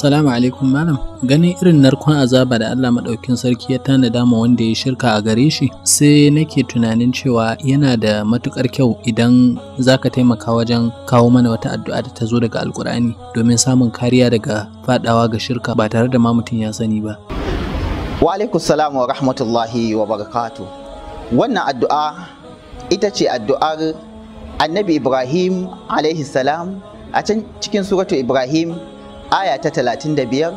Salamu alaikum malam. Ganin irin narkon azaba da Allah maɗaukin sarki ya tanada wa wanda ya shirka a gare shi, sai nake tunanin cewa yana da matukar kyau idan zaka taimaka wajen kawo mana wata addu'a da ta zo daga Alkur'ani domin samun kariya daga fadawa ga shirka ba tare da ma mutum ya sani ba. Wa alaikum salam wa rahmatullahi wa barakatu. Wannan addu'a ita ce addu'ar Annabi Ibrahim alaihi salam a can cikin suratu Ibrahim aya ta talatin da biyar,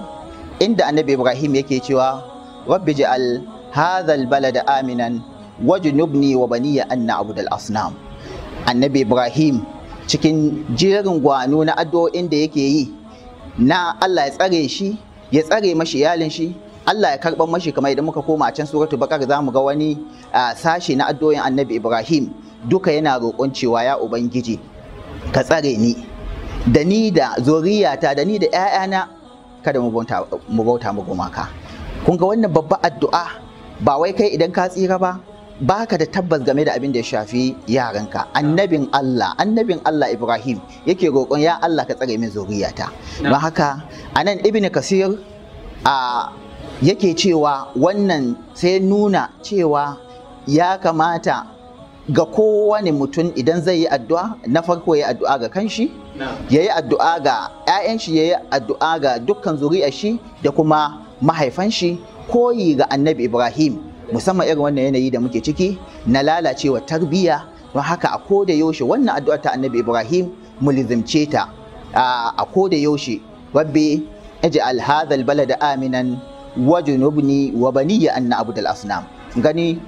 inda annabi Ibrahim yake cewa rabbi ja'al hadha Amina aminan wajnubni wa baniya an na'budu al-asnam annabi Ibrahim cikin jerin gwano na addu'o'in da yake yi na Allah ya tsare shi ya tsare mashi iyalin shi Allah ya karɓar mashi kamar idan muka koma can suratul bakar za mu ga wani sashe na addu'o'in annabi Ibrahim duka yana roƙon cewa ya ubangiji ka tsare ni da ni da zuriyata da ni da 'ya'yana kada mu bauta mu gumaka kun ga wannan babba addu'a ba wai kai idan ka tsira ba baka da tabbas game da abin da ya shafi yaranka annabin Allah annabin Allah Ibrahim yake roƙon ya Allah ka tsare min zuriyata don haka anan ibnu kasir a yake cewa wannan sai nuna cewa ya kamata ga kowane mutum idan zai yi addu'a na farko ya yi addu'a ga kanshi ya yi addu'a ga 'ya'yan shi ya yi addu'a ga dukkan zuri'a shi da kuma mahaifan shi koyi ga annabi ibrahim musamman irin wannan yanayi da muke ciki na lalacewa tarbiyya don haka a koda yaushe wannan addu'a ta annabi ibrahim mu lizimce ta a koda yaushe rabbi aminan wajnubni wa baniya an asnam gani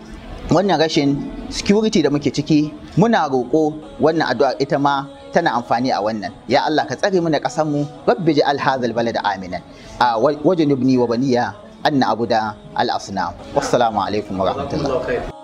wannan rashin security da muke ciki muna roƙo wannan addu'a ita ma tana amfani a wannan ya Allah ka tsare mu da ƙasar mu rabbi ja'al hadzal balada aminan a wajen ibni wa baniya anna abuda al asnam wassalamu alaikum wa rahmatullah